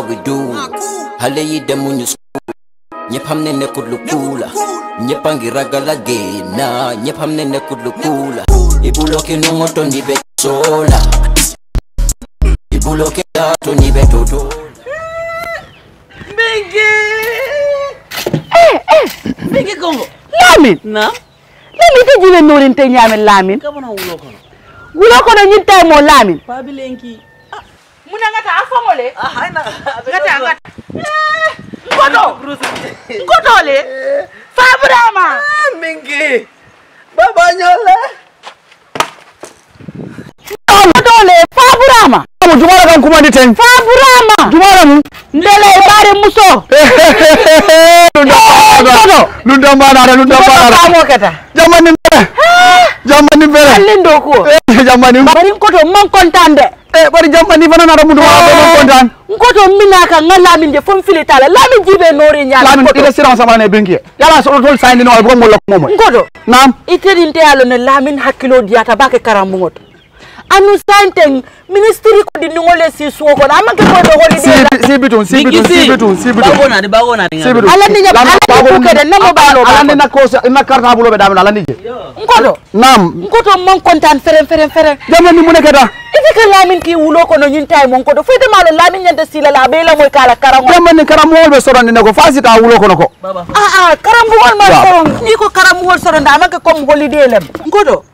we do Haleyi demu nyu school Nyepamne nekudlu kula Nyepangi ragala gena Nyepamne nekudlu kula Ibulo ke nungoto nibe chola Ibulo ke dato nibe toto Mbenge Eh, eh Mbenge kongo Lamin Na? Lamin ti jive nurin te nyame lamin Kabona ulo kono Ulo kono nyintay mo lamin Pabile enki Bunda ngata afongole. Ah, ina. Ngata ngata. Ngoto. Ngoto le. Fabrama. Ah, mingi. Baba nyola. Ngoto le fabrama. Mu jumara kan kuma ni ten. Fabrama. Jumara mu. Ndele bare muso. Lunda bana. Lunda bana, lunda bana. Jamani. jammani bere hallindo ko e eh, bari koto mon kontande Eh, bari jammani bana na ramudu ma mon kontan koto mina ka ngala min je fon fili tala la min jibe nori nyaala la min ida siran sama ne bengi yala so tol sayni no ko mo lokko mo koto nam itedinte alo ne la min hakkilo diata bake karamungot anusanteng ministry ko diningo le sisuo kona amake kodegoialanina karta bulo ɓe damino alanije nkoto nam nkoto mon contane feren feren feren jamna ni mune keda iti ka lamin ki wulo kono ñintaye mon koto foyte malo lamin ñanta silala a ɓeyla moy kala karango jamma ni karamowol ɓe sorondine ko fasita wulo kono ko aa ah, ah, karamowol ma soron ni ko karamowol soronde amake comme holiday lem nkoto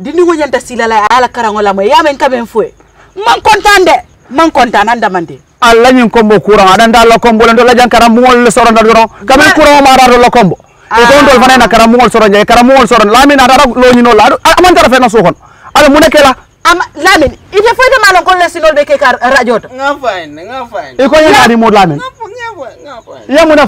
dindi wonyanta silala ala karangola mo men kamen fue man kontande man kontanan damande alla nyin kombo kuran adan dalla kombo len ah. dola jankara mol soron da doron kamen kuran ma da dola kombo e don dol fanena kara mol soron jay kara mol soron lamina da lo nyino la aman tara fena sokon ala munekela ama lamin ite foyde malon kolle sinol be ke kar radio to nga fine nga fine e ko yana ya- ni mod lamin nga fine nga fine yamuna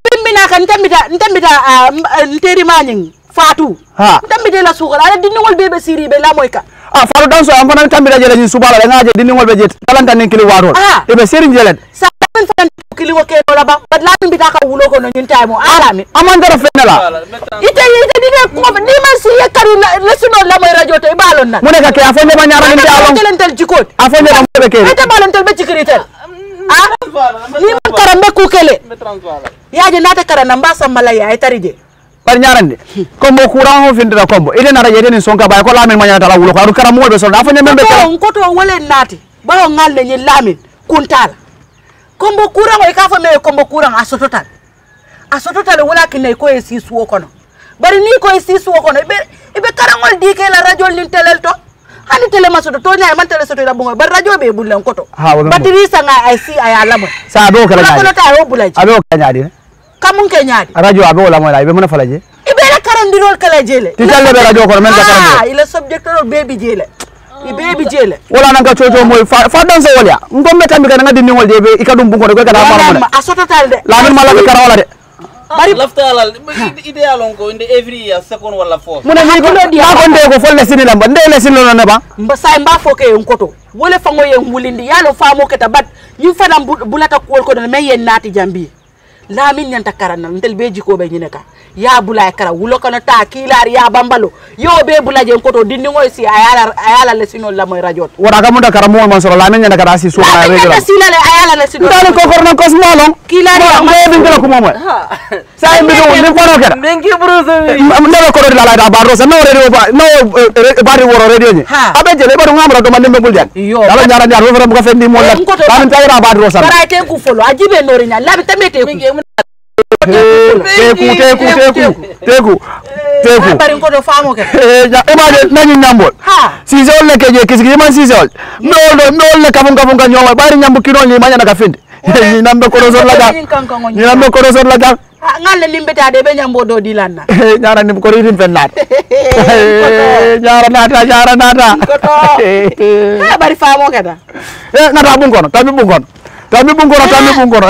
bimbina kan tambita tambita ah, eh, nteri manying fatu ha tambide la sugal ala dinningol bebe siri be la moyka ah, faru dan so am fanan tambida jele jin subala la ngaje dinningol be jet talanta nin kili warol ah. e be serin jelet sa tan fan kili wo kelo la ba bad la min bitaka wulo ko no nyinta mo alami ah, aman dara fenela ite ite dine ko ni ma si yakari la suno la moy radio te e balon nan muneka ke afon ma nyara ni alon lentel jikot afo ne ma be ke ite balon tel be jikritel a mm, mm, ni man karambe ku kele yaje nata karana mbasa malaya ay je par ñarande combo courant o findira combo iden ara yeden sonka bay ko lamin mañana tala wulo ko aru kara mo be sonda fo nyembe ko ko to wole nati bawo ngalle ni lamin kuntala combo courant o ka fo me combo courant a sototal a sototal wala kinay ko e sisu o kono bari ni ko e sisu o kono be ibe karangol dike la radio lin telel to hani tele masoto to nyaay man tele soto da bongo bar radio be bulan koto batiri sanga ay si ay alamo sa do kala nyaay ko to ta o ado kala nyaay kamun kenyari? nyaadi radio abe wala mola ibe mona falaje ibe la karandirol kala jele ti talle be radio kono men ka karandi ah ila subject ro baby jele i oh. baby jele wala nan ka coco moy fa dan so wala ngom be tambi kan ngadi ningol jebe ikadum bungo de ko kada faamu ne asoto tal de la min mala be karawala de bari laftalal idéal on ko nde every year second walla fourth mona ni ko ma ko nde ko fo lesini lamba nde lesini lona neba mba say mba fo ke en koto wala fango yen wulindi yalo ya, faamo ke tabat yu fanam bulata ko ko don men yen naati jambi lamin nyanta karanna ntel be jiko be nyine ka ya bula kara wulo kono ta kilari ya bambalo yo be bula je ko to dindi ngoy si ayala ayala le sino la moy radiot wora ka munda kara mo man soro lamin nyanta kara si so na regla si la le ayala le sino dal ko korno kos ki la ya ma be ngala ko momo sa en be do No kera kara nengi bruzo mi ndaba ko la la da ba sa no radio ba no eh, eh, bari woro radio ni abe le ba do ra do man ne ngul jan dal nyara nyara ro mo ko fendi mo la lamin tayra ba do sa kara te ku folo ajibe nori nya labi tamete ku teku teku teku teku teku imaje nañi ñambol sise ol leke je kisikiji man sise ol nolɗo nolle kafum kafum ka ñooma ɓaari ñambu kinol ni mañana ka finde ñinam ɗo koɗo sor lagal ñinam ɗo koɗo sor lagal ngalle limbetade ɓe ñambo do dilanna ñaranim koto itin fen naata ñara naata ñara naata ɓari famo keda e nata ɓun kono tami ɓun kono Kami ɓunkoro kami ɓunkoro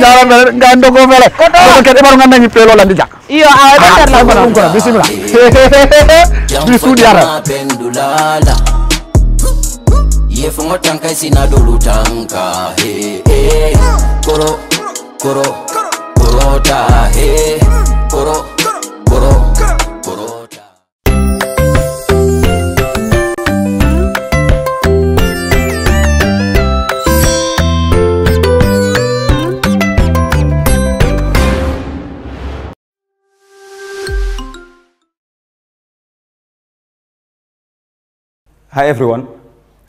jarame ga dogo fele dogo keɗe ɓaro ganda ñi peelo landi jak iyo awaɓeɓunkoro bisimilla bi suuɗi ara yefuŋo tanka sina dolu tanka koro koro he koro Hi everyone,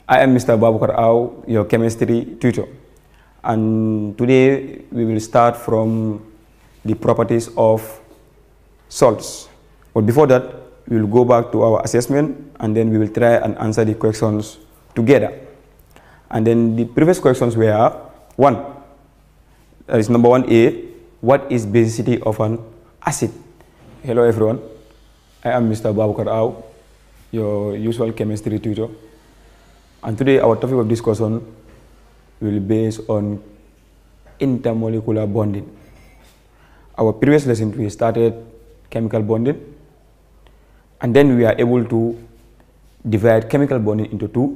I am Mr. Babukar Au, your chemistry tutor. And today we will start from the properties of salts. But before that, we will go back to our assessment and then we will try and answer the questions together. And then the previous questions were one, that is number one A, what is basicity of an acid? Hello everyone, I am Mr. Babukar Au, your usual chemistry tutor. And today our topic of discussion will be based on intermolecular bonding. Our previous lesson we started chemical bonding and then we are able to divide chemical bonding into two.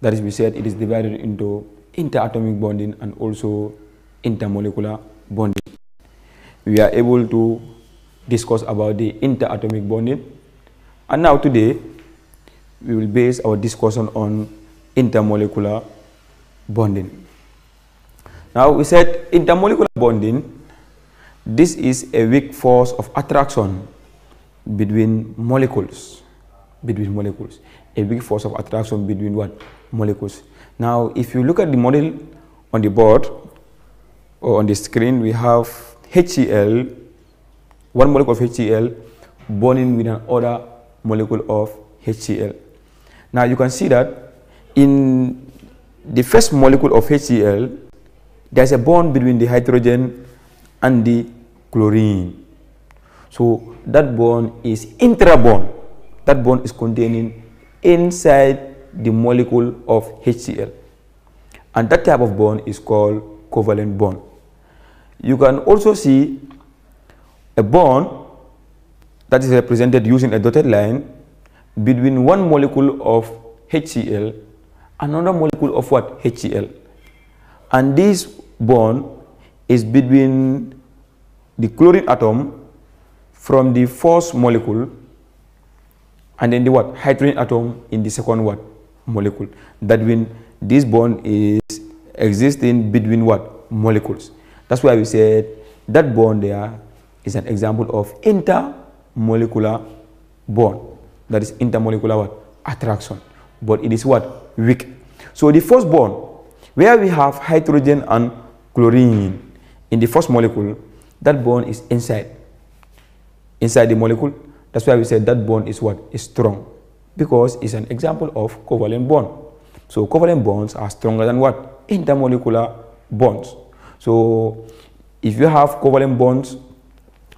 That is we said it is divided into interatomic bonding and also intermolecular bonding. We are able to discuss about the interatomic bonding and now today, we will base our discussion on intermolecular bonding. Now we said intermolecular bonding, this is a weak force of attraction between molecules, between molecules, a weak force of attraction between what? Molecules. Now if you look at the model on the board or on the screen, we have HCl, one molecule of HCl bonding with another molecule of HCl. Now you can see that in the first molecule of HCl, there's a bond between the hydrogen and the chlorine. So that bond is intra-bond. That bond is containing inside the molecule of HCl. And that type of bond is called covalent bond. You can also see a bond that is represented using a dotted line between one molecule of HCl, another molecule of what? HCl. And this bond is between the chlorine atom from the first molecule and then the what? Hydrogen atom in the second what? Molecule. That means this bond is existing between what? Molecules. That's why we said that bond there is an example of inter molecular bond, that is intermolecular what? attraction, but it is what? Weak. So the first bond, where we have hydrogen and chlorine in the first molecule, that bond is inside. Inside the molecule, that's why we said that bond is what? Is strong, because it's an example of covalent bond. So covalent bonds are stronger than what? Intermolecular bonds. So if you have covalent bonds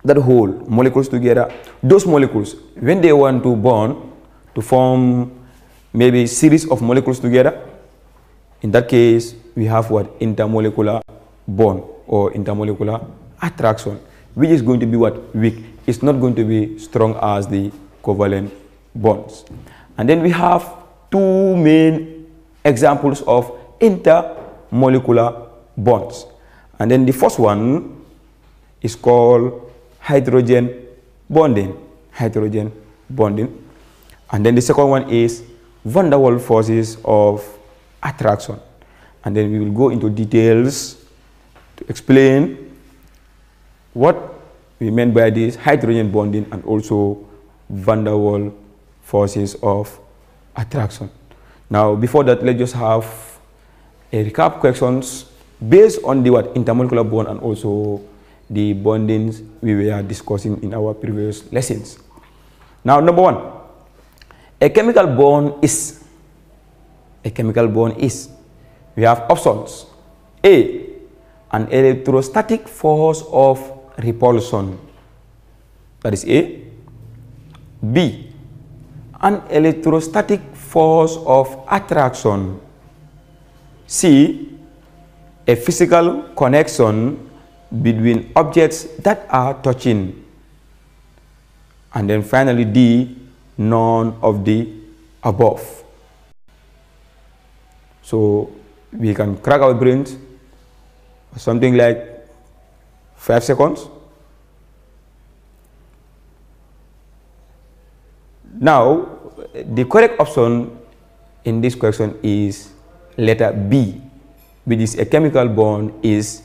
that whole molecules together those molecules when they want to bond to form maybe series of molecules together in that case we have what intermolecular bond or intermolecular attraction which is going to be what weak it's not going to be strong as the covalent bonds and then we have two main examples of intermolecular bonds and then the first one is called hydrogen bonding, hydrogen bonding. And then the second one is van der Waals forces of attraction. And then we will go into details to explain what we meant by this hydrogen bonding and also van der Waals forces of attraction. Now, before that, let's just have a recap questions based on the what intermolecular bond and also the bondings we were discussing in our previous lessons. Now, number one, a chemical bond is, a chemical bond is, we have options. A, an electrostatic force of repulsion. That is A. B, an electrostatic force of attraction. C, a physical connection between objects that are touching. And then finally D, none of the above. So we can crack our brains something like 5 seconds. Now, the correct option in this question is letter B, which is a chemical bond is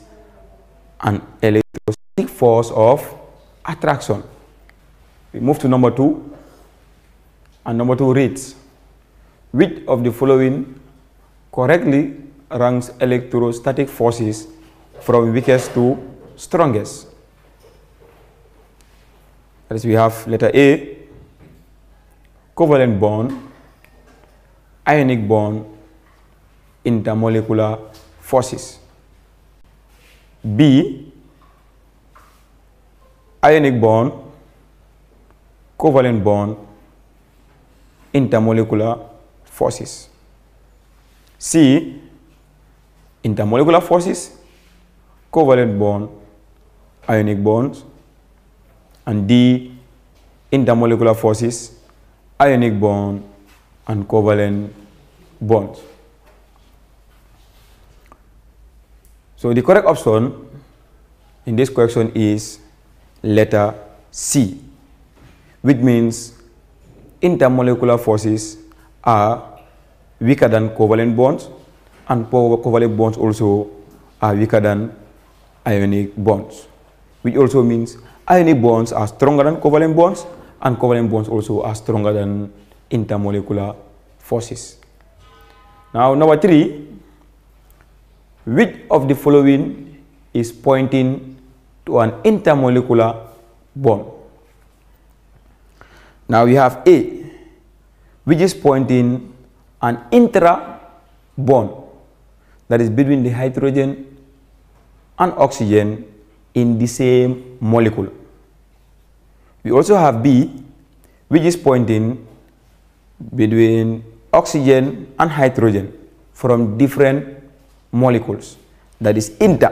an electrostatic force of attraction. We move to number two. And number two reads, which of the following correctly ranks electrostatic forces from weakest to strongest? That is, we have letter A, covalent bond, ionic bond, intermolecular forces. B ionic bond, covalent bond, intermolecular forces. C intermolecular forces, covalent bond, ionic bonds, and D intermolecular forces, ionic bond, and covalent bonds. So the correct option in this question is letter C, which means intermolecular forces are weaker than covalent bonds and covalent bonds also are weaker than ionic bonds, which also means ionic bonds are stronger than covalent bonds and covalent bonds also are stronger than intermolecular forces. Now, number three, which of the following is pointing to an intermolecular bond? Now we have A, which is pointing an intra bond that is between the hydrogen and oxygen in the same molecule. We also have B, which is pointing between oxygen and hydrogen from different molecules that is inter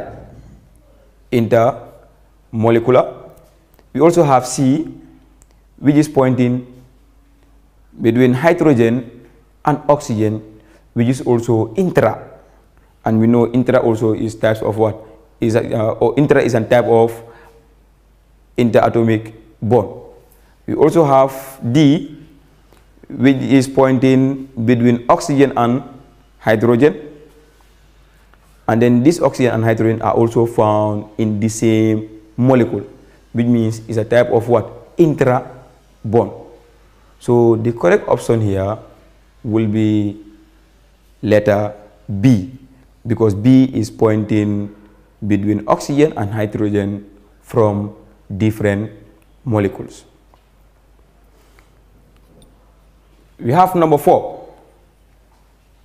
intermolecular we also have C which is pointing between hydrogen and oxygen which is also intra and we know intra also is types of what is uh, or intra is a type of interatomic bond we also have D which is pointing between oxygen and hydrogen and then this oxygen and hydrogen are also found in the same molecule, which means it's a type of what? Intra bond. So the correct option here will be letter B because B is pointing between oxygen and hydrogen from different molecules. We have number four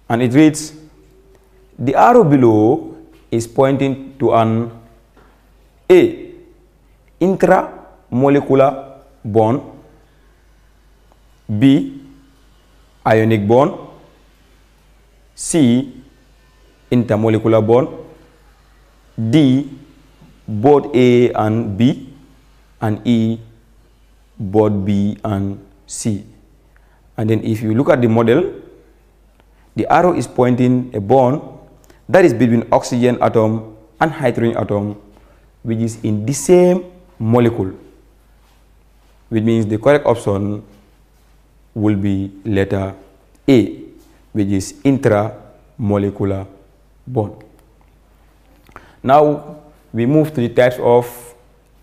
and it reads the arrow below is pointing to an A, intramolecular bond, B, ionic bond, C, intermolecular bond, D, both A and B, and E, both B and C. And then if you look at the model, the arrow is pointing a bond that is between oxygen atom and hydrogen atom which is in the same molecule which means the correct option will be letter A which is intramolecular bond. Now we move to the types of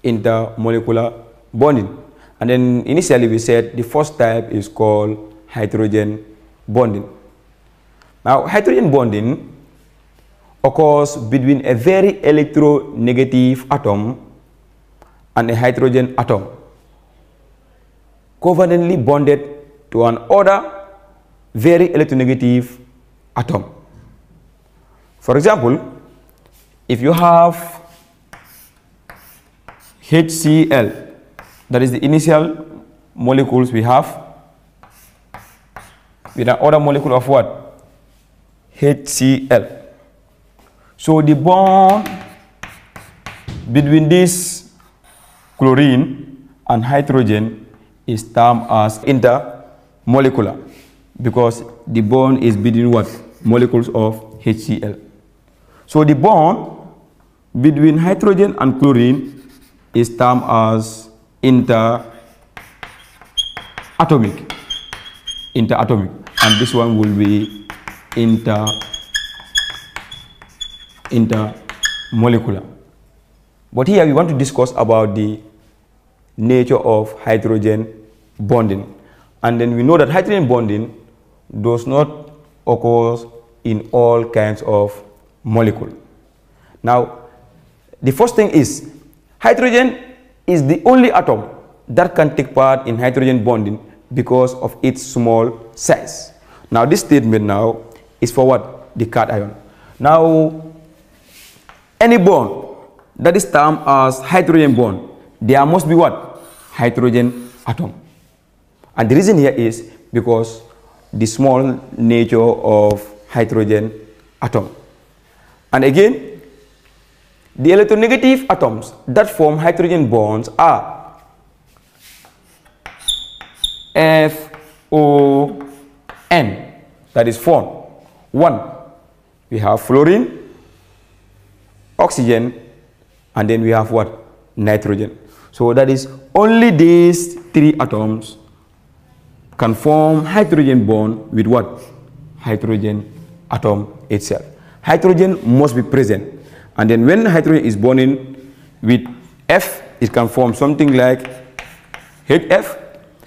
intermolecular bonding and then initially we said the first type is called hydrogen bonding. Now hydrogen bonding occurs between a very electronegative atom and a hydrogen atom covalently bonded to an other very electronegative atom. For example, if you have HCl, that is the initial molecules we have, with an other molecule of what? HCl. So the bond between this chlorine and hydrogen is termed as intermolecular because the bond is between what? Molecules of HCl. So the bond between hydrogen and chlorine is termed as interatomic. Interatomic. And this one will be interatomic intermolecular. But here we want to discuss about the nature of hydrogen bonding. And then we know that hydrogen bonding does not occur in all kinds of molecule. Now, the first thing is hydrogen is the only atom that can take part in hydrogen bonding because of its small size. Now, this statement now is for what? The cation. Now, any bond that is termed as hydrogen bond, there must be what? Hydrogen atom. And the reason here is because the small nature of hydrogen atom. And again, the electronegative atoms that form hydrogen bonds are FON, that is is four. One, we have fluorine, oxygen, and then we have what? Nitrogen. So that is only these three atoms can form hydrogen bond with what? Hydrogen atom itself. Hydrogen must be present. And then when hydrogen is born in with F, it can form something like HF.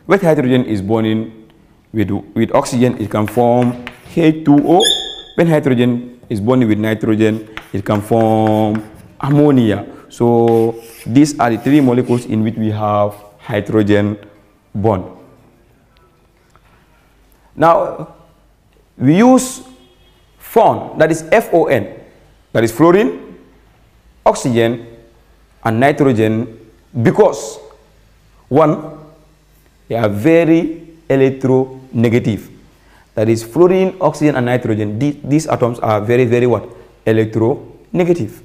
When hydrogen is born in with, with oxygen, it can form H2O. When hydrogen is born with nitrogen, it can form ammonia. So these are the three molecules in which we have hydrogen bond. Now we use FON, that is F-O-N, that is fluorine, oxygen, and nitrogen because one, they are very electronegative. That is fluorine, oxygen, and nitrogen. These, these atoms are very, very what? electronegative.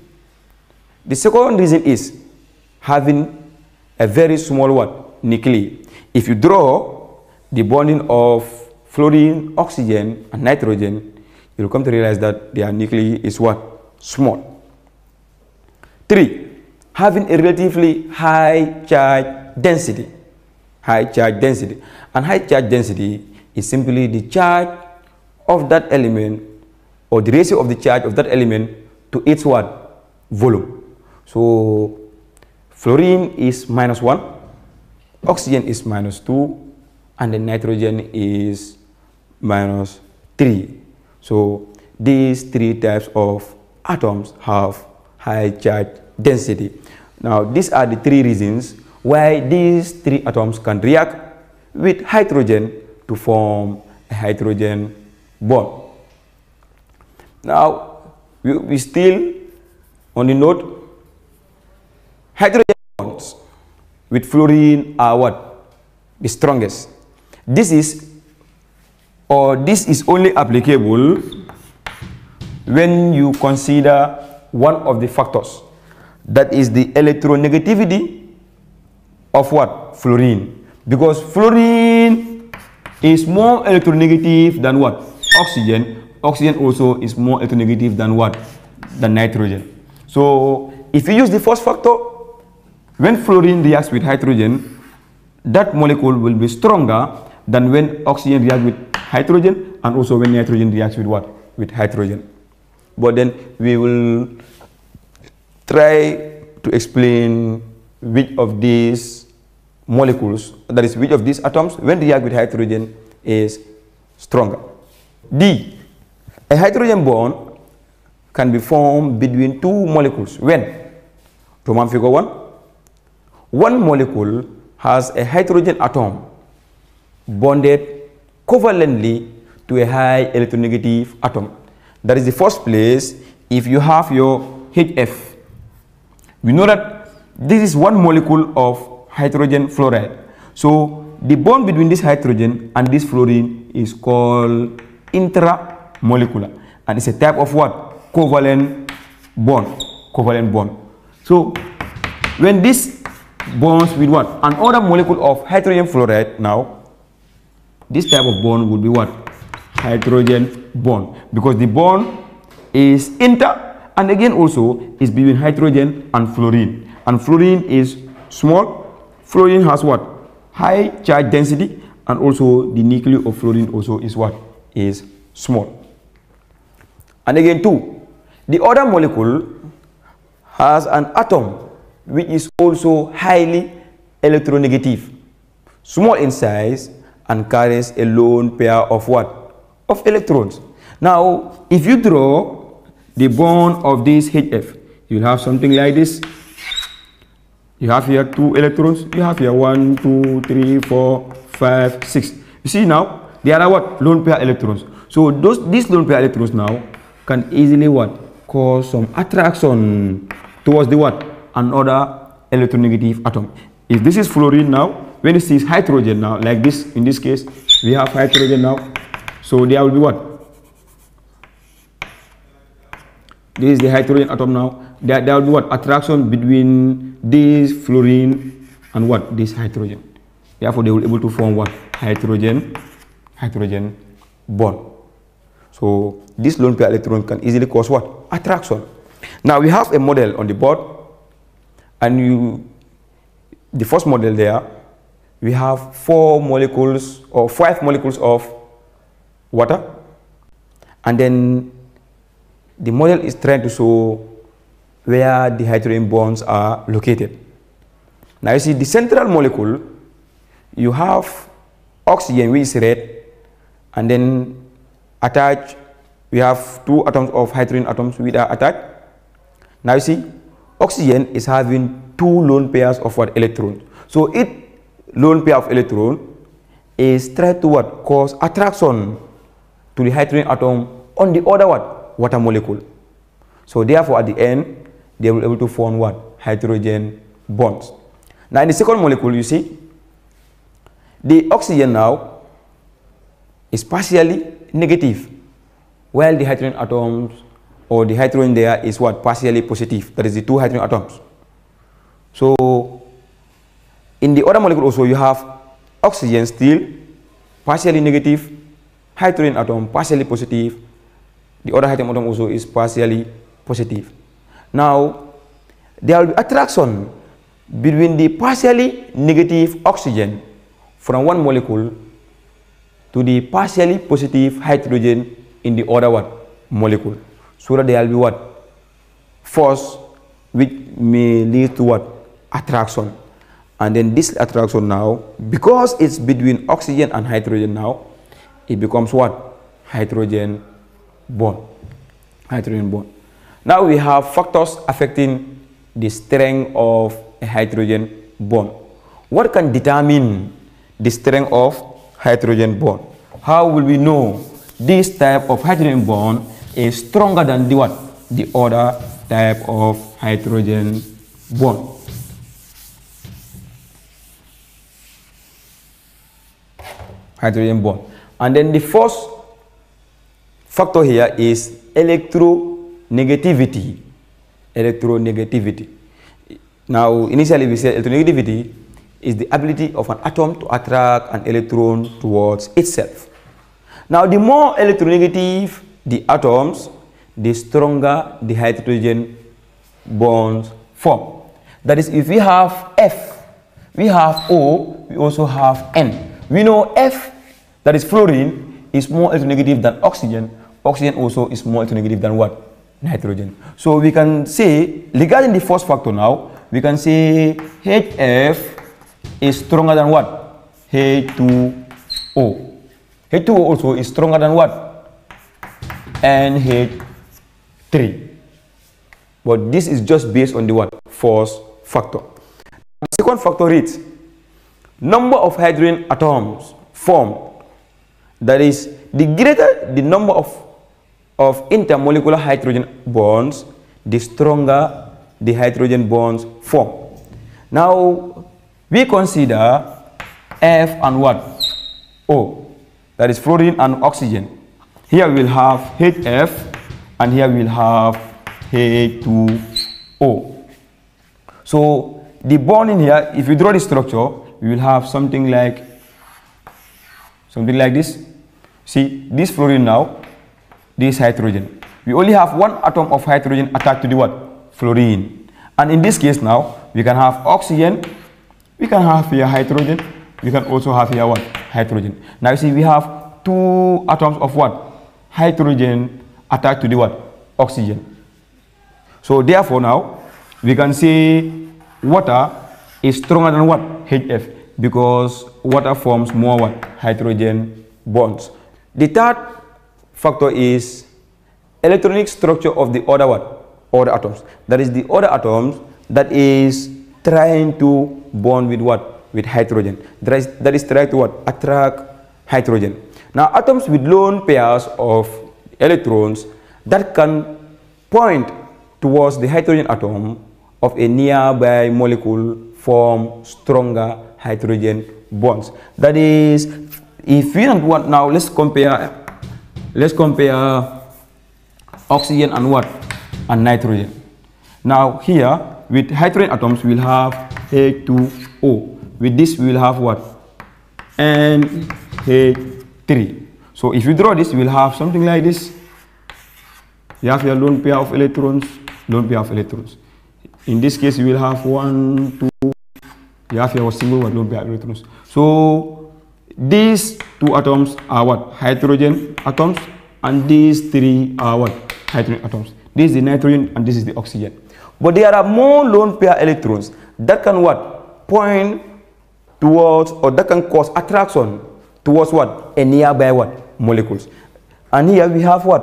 The second reason is having a very small one, Nuclei. If you draw the bonding of fluorine, oxygen, and nitrogen, you'll come to realize that their nuclei is what? Small. Three, having a relatively high charge density. High charge density. And high charge density is simply the charge of that element or the ratio of the charge of that element to its what? Volume. So fluorine is minus 1, oxygen is minus 2, and the nitrogen is minus 3. So these three types of atoms have high charge density. Now these are the three reasons why these three atoms can react with hydrogen to form a hydrogen bond. Now, we, we still on the note, hydrogen bonds with fluorine are what? The strongest. This is, or this is only applicable when you consider one of the factors. That is the electronegativity of what? Fluorine. Because fluorine is more electronegative than what? Oxygen oxygen also is more electronegative than what? Than nitrogen. So if you use the first factor, when fluorine reacts with hydrogen, that molecule will be stronger than when oxygen reacts with hydrogen and also when nitrogen reacts with what? With hydrogen. But then we will try to explain which of these molecules, that is which of these atoms when they react with hydrogen is stronger. D, a hydrogen bond can be formed between two molecules when, Roman figure 1, one molecule has a hydrogen atom bonded covalently to a high electronegative atom. That is the first place if you have your HF. We know that this is one molecule of hydrogen fluoride. So the bond between this hydrogen and this fluorine is called intra molecular. And it's a type of what? Covalent bond. Covalent bond. So when this bonds with what? Another molecule of hydrogen fluoride now, this type of bond would be what? Hydrogen bond. Because the bond is inter and again also is between hydrogen and fluorine. And fluorine is small. Fluorine has what? High charge density and also the nucleus of fluorine also is what? Is small. And again, two, the other molecule has an atom which is also highly electronegative, small in size and carries a lone pair of what? Of electrons. Now, if you draw the bond of this HF, you'll have something like this. You have here two electrons. You have here one, two, three, four, five, six. You see now, they are what? Lone pair electrons. So those, these lone pair electrons now can easily what cause some attraction towards the what another electronegative atom if this is fluorine now when it sees hydrogen now like this in this case we have hydrogen now so there will be what this is the hydrogen atom now there, there will be what attraction between this fluorine and what this hydrogen therefore they will be able to form what hydrogen hydrogen bond so this lone pair electron can easily cause what? Attraction. Now we have a model on the board and you, the first model there, we have four molecules or five molecules of water and then the model is trying to show where the hydrogen bonds are located. Now you see the central molecule, you have oxygen which is red and then attached we have two atoms of hydrogen atoms which are attached now you see oxygen is having two lone pairs of what electrons so each lone pair of electron is try to what cause attraction to the hydrogen atom on the other what water molecule so therefore at the end they will be able to form what hydrogen bonds now in the second molecule you see the oxygen now is partially negative, while the hydrogen atoms or the hydrogen there is what partially positive, that is the two hydrogen atoms. So in the other molecule also you have oxygen still partially negative, hydrogen atom partially positive, the other hydrogen atom also is partially positive. Now there will be attraction between the partially negative oxygen from one molecule to the partially positive hydrogen in the other one molecule so that there will be what force which may lead to what attraction and then this attraction now because it's between oxygen and hydrogen now it becomes what hydrogen bond hydrogen bond now we have factors affecting the strength of a hydrogen bond what can determine the strength of hydrogen bond. How will we know this type of hydrogen bond is stronger than the what? The other type of hydrogen bond. Hydrogen bond. And then the fourth factor here is electronegativity. Electronegativity. Now, initially we said electronegativity is the ability of an atom to attract an electron towards itself. Now, the more electronegative the atoms, the stronger the hydrogen bonds form. That is, if we have F, we have O, we also have N. We know F, that is fluorine, is more electronegative than oxygen. Oxygen also is more electronegative than what? Nitrogen. So we can say, regarding the force factor now, we can say HF is stronger than what? H2O. H2O also is stronger than what? NH3. But this is just based on the what? Force factor. The second factor is number of hydrogen atoms formed. That is, the greater the number of, of intermolecular hydrogen bonds, the stronger the hydrogen bonds form. Now, we consider F and what? O. That is fluorine and oxygen. Here we will have HF and here we will have H2O. So the bond in here, if you draw the structure, we will have something like something like this. See this fluorine now, this hydrogen. We only have one atom of hydrogen attached to the what? Fluorine. And in this case now, we can have oxygen we can have here hydrogen. We can also have here what? Hydrogen. Now you see we have two atoms of what? Hydrogen attached to the what? Oxygen. So therefore now we can say water is stronger than what? HF because water forms more what? Hydrogen bonds. The third factor is electronic structure of the other what? Other atoms. That is the other atoms that is trying to bond with what? With hydrogen. That is, that is trying to what? Attract hydrogen. Now atoms with lone pairs of electrons that can point towards the hydrogen atom of a nearby molecule form stronger hydrogen bonds. That is, if we don't want now, let's compare, let's compare oxygen and what? And nitrogen. Now here, with hydrogen atoms, we'll have H2O. With this, we'll have what? NH3. So if you draw this, we'll have something like this. You have your lone pair of electrons, lone pair of electrons. In this case, you will have one, two, you have your single one lone pair of electrons. So these two atoms are what? Hydrogen atoms, and these three are what? Hydrogen atoms. This is the nitrogen and this is the oxygen. But there are more lone pair electrons that can what? Point towards or that can cause attraction towards what? A nearby what? Molecules. And here we have what?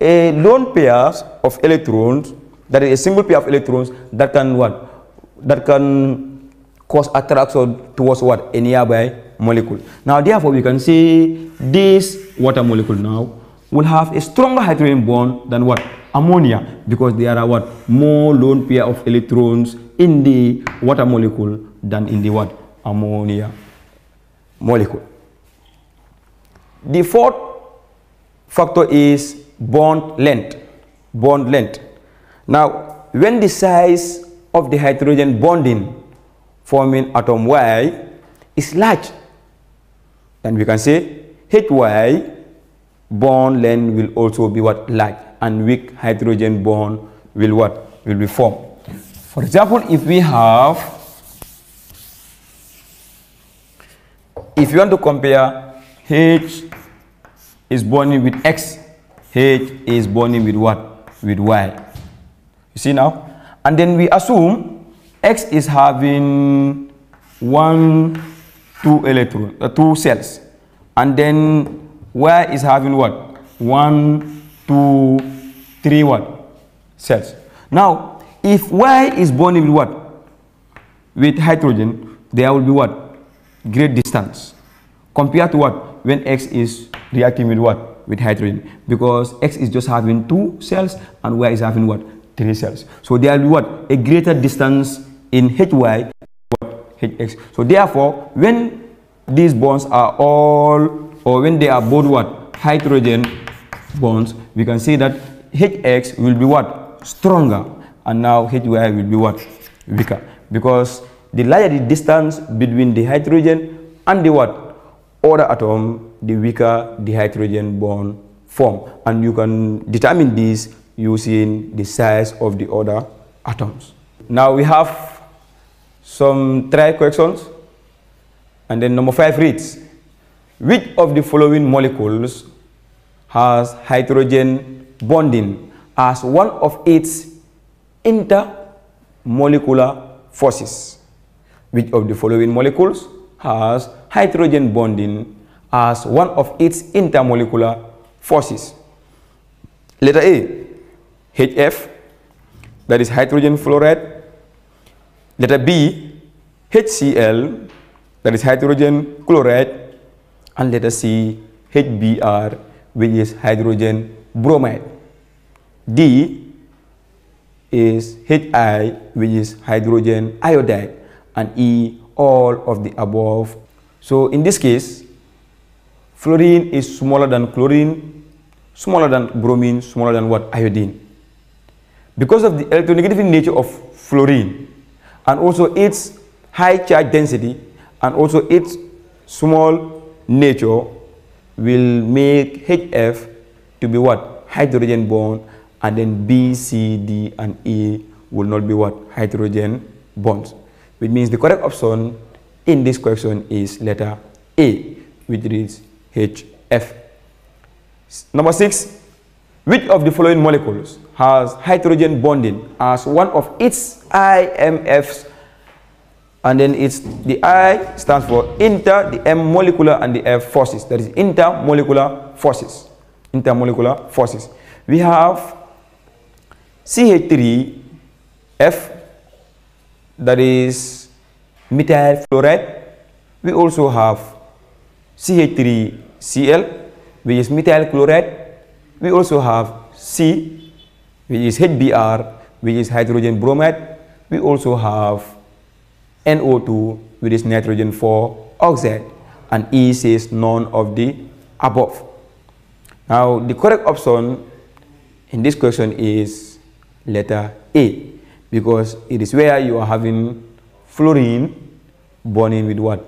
A lone pair of electrons, that is a single pair of electrons that can what? That can cause attraction towards what? A nearby molecule. Now therefore we can see this water molecule now will have a stronger hydrogen bond than what? ammonia because there are what more lone pair of electrons in the water molecule than in the what ammonia molecule. The fourth factor is bond length. Bond length. Now, when the size of the hydrogen bonding forming atom Y is large, then we can say HY bond length will also be what large and weak hydrogen bond will what will be formed for example if we have if you want to compare h is bonding with x h is bonding with what with y you see now and then we assume x is having one two electrons, uh, two cells and then where is having what? One, two, three what? Cells. Now, if Y is bonded with what? With hydrogen, there will be what? Great distance. Compared to what? When X is reacting with what? With hydrogen. Because X is just having two cells and Y is having what? Three cells. So there will be what? A greater distance in HY, what? HX. So therefore, when these bonds are all or when they are both what hydrogen bonds we can see that hx will be what stronger and now hy will be what weaker because the larger the distance between the hydrogen and the what other atom the weaker the hydrogen bond form and you can determine this using the size of the other atoms now we have some try questions and then number five reads which of the following molecules has hydrogen bonding as one of its intermolecular forces? Which of the following molecules has hydrogen bonding as one of its intermolecular forces? Letter A, HF, that is hydrogen fluoride. Letter B, HCl, that is hydrogen chloride and let us see HBr which is hydrogen bromide. D is HI which is hydrogen iodide and E all of the above. So in this case fluorine is smaller than chlorine, smaller than bromine, smaller than what iodine. Because of the electronegative nature of fluorine and also its high charge density and also its small nature will make HF to be what? Hydrogen bond and then B, C, D and E will not be what? Hydrogen bonds. Which means the correct option in this question is letter A which is HF. Number six, which of the following molecules has hydrogen bonding as one of its IMFs and then it's the I stands for inter, the M molecular, and the F forces. That is intermolecular forces. Intermolecular forces. We have CH3F, that is methyl fluoride. We also have CH3Cl, which is methyl chloride. We also have C, which is HBr, which is hydrogen bromide. We also have NO2, with its nitrogen 4 oxide, and E says none of the above. Now, the correct option in this question is letter A, because it is where you are having fluorine bonding with what?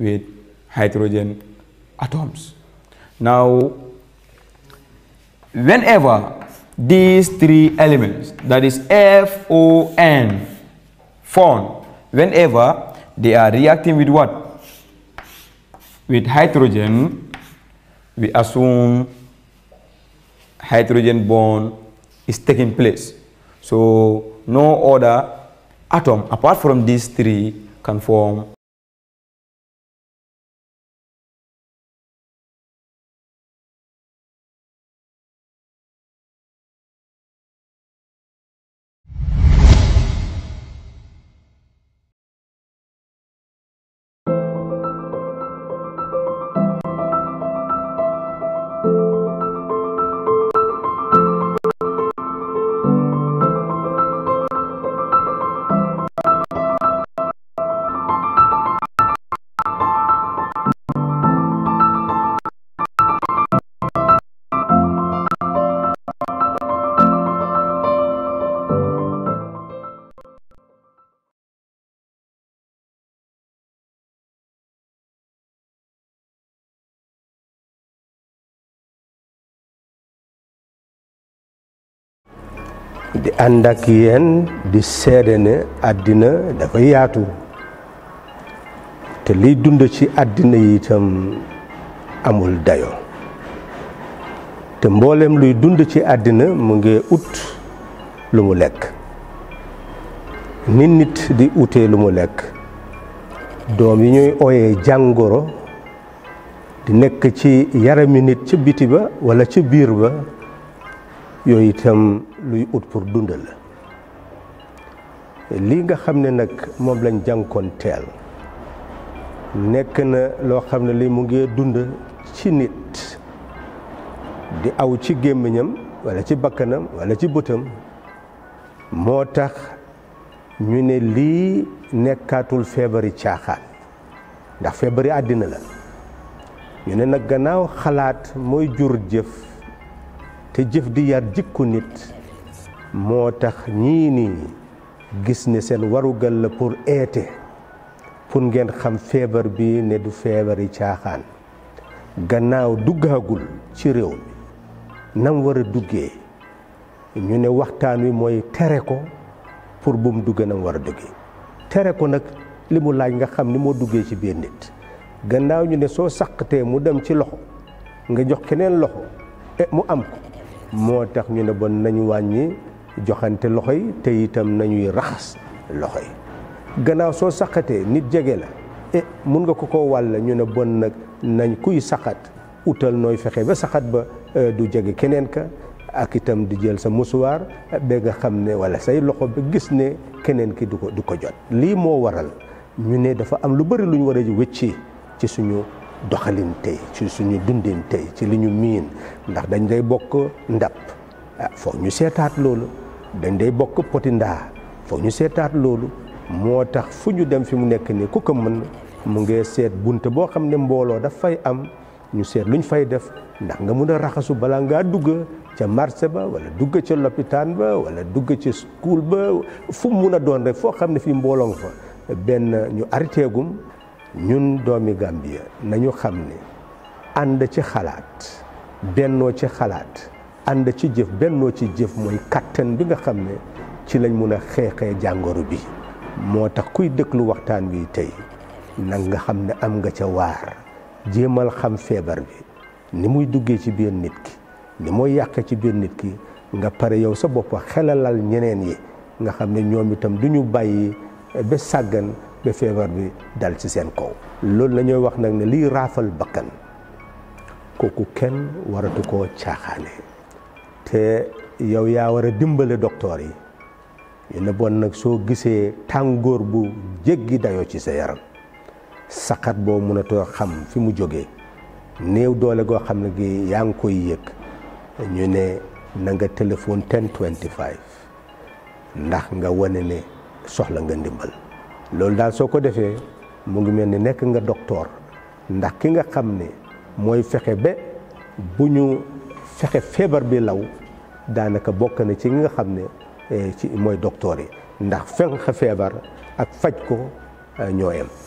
With hydrogen atoms. Now, whenever these three elements, that is F, O, N, form whenever they are reacting with what? With hydrogen, we assume hydrogen bond is taking place. So no other atom apart from these three can form di ànd ak yéen di seede ne àddina dafa yaatu te liy dund ci àddina yi itam amul dayo te mboolem luy dund ci àddina mu ngi ut lu mu lekk nit nit di utee lu mu lekk doom yi ñuy ooyee jàngoro di nekk ci yarami nit ca biti ba wala ca biir ba yooyu itam luy ut pour la lii nga xam ne nag moom lañ jànkoon teel nekk na loo xam ne li mu ngi dund ci nit di aw ci gémmiñam walla ci bakkanam walla ci bëtam moo tax ñu ne lii nekkaatul feebari caaxaan ndax feebari àddina la ñu ne nag gannaaw xalaat mooy jur jëf te jëf di yar jikku nit moo tax ñii nii gis ne seen warugal la pour eete pour ngeen xam feebar bi ne du feebari caaxaan gannaaw duggaagul ci réew mi nam war a duggee ñu ne waxtaan wi mooy tere ko pour bu mu duggee nam war a duggee tere ko nag li mu laaj nga xam ni moo duggee ci biir nit gannaaw ñu ne soo saqatee mu dem ci loxo nga jox keneen loxo e mu am ko moo tax ñu ne bon nañu wàññi joxante loxo yi tey itam nañuy raxas loxo yi gannaaw soo saqatee nit jege la e mun nga ko ko wàll ñu ne bon nag nañ kuy saxat utal nooy fexe ba saxat ba eh, du jege keneen ka ak itam di jël sa musuwaar eh, ba nga xam ne wala say loxo ba gis ne keneen ki du ko du ko jot lii moo waral ñu ne dafa am lu bari lu ñu war a wëcci ci suñu doxalin tey ci suñu dundin tey ci li ñu miin ndax dañ day bokk ndab ah foog ñu seetaat loolu dañ day bokk poti ndaa foog ñu seetaat loolu moo tax fu ñu dem fi mu nekk nii ku ko mën mu ngi seet bunt boo xam ne mbooloo daf fay am ñu seet lu ñu fay def ndax nga mun a raxasu balaa ngaa dugg ca marché ba wala dugg ca loppitaan ba wala dugg ca school ba fu mun a doon rek foo xam ne fii mbooloo nga fa benn ñu arrêté gum ñun doomi Gambia nañu xam ne ànd ci xalaat bennoo ci xalaat ànd ci jëf bennoo ci jëf mooy kàttan bi nga xam ne ci lañ mun a xeexee jàngoro bi moo tax kuy déglu waxtaan wi tey nag nga xam ne am nga ca waar jéemal xam feebar bi ni muy duggee ci biir nit ki ni mooy yàqe ci biir nit ki nga pare yow sa bopp xelalal ñeneen yi nga xam ne ñoom itam du ñu bàyyi ba sàggan ba feebar bi dal ci seen kow loolu la ñuy wax nag ne liy raafal bakkan kooku kenn waratu ko caaxaane te yow yaa war a dimbale docteur yi yéen bon nag soo gisee tàngoor bu jéggi dayoo ci sa yaram saxat boo mënatoo xam fi mu jógee néew doole goo xam ne gi yaa ngi koy yëg ñu ne na nga téléphone 1025 ndax nga wane ne soxla nga ndimbal loolu daal soo ko defee mu ngi mel ni nekk nga docteur ndax ki nga xam ne mooy fexe ba bu ñu fexe feebar bi law daanaka bokk na ci nga xam ne eh, ci mooy docteur yi ndax fenk feebar ak faj ko eh, ñoo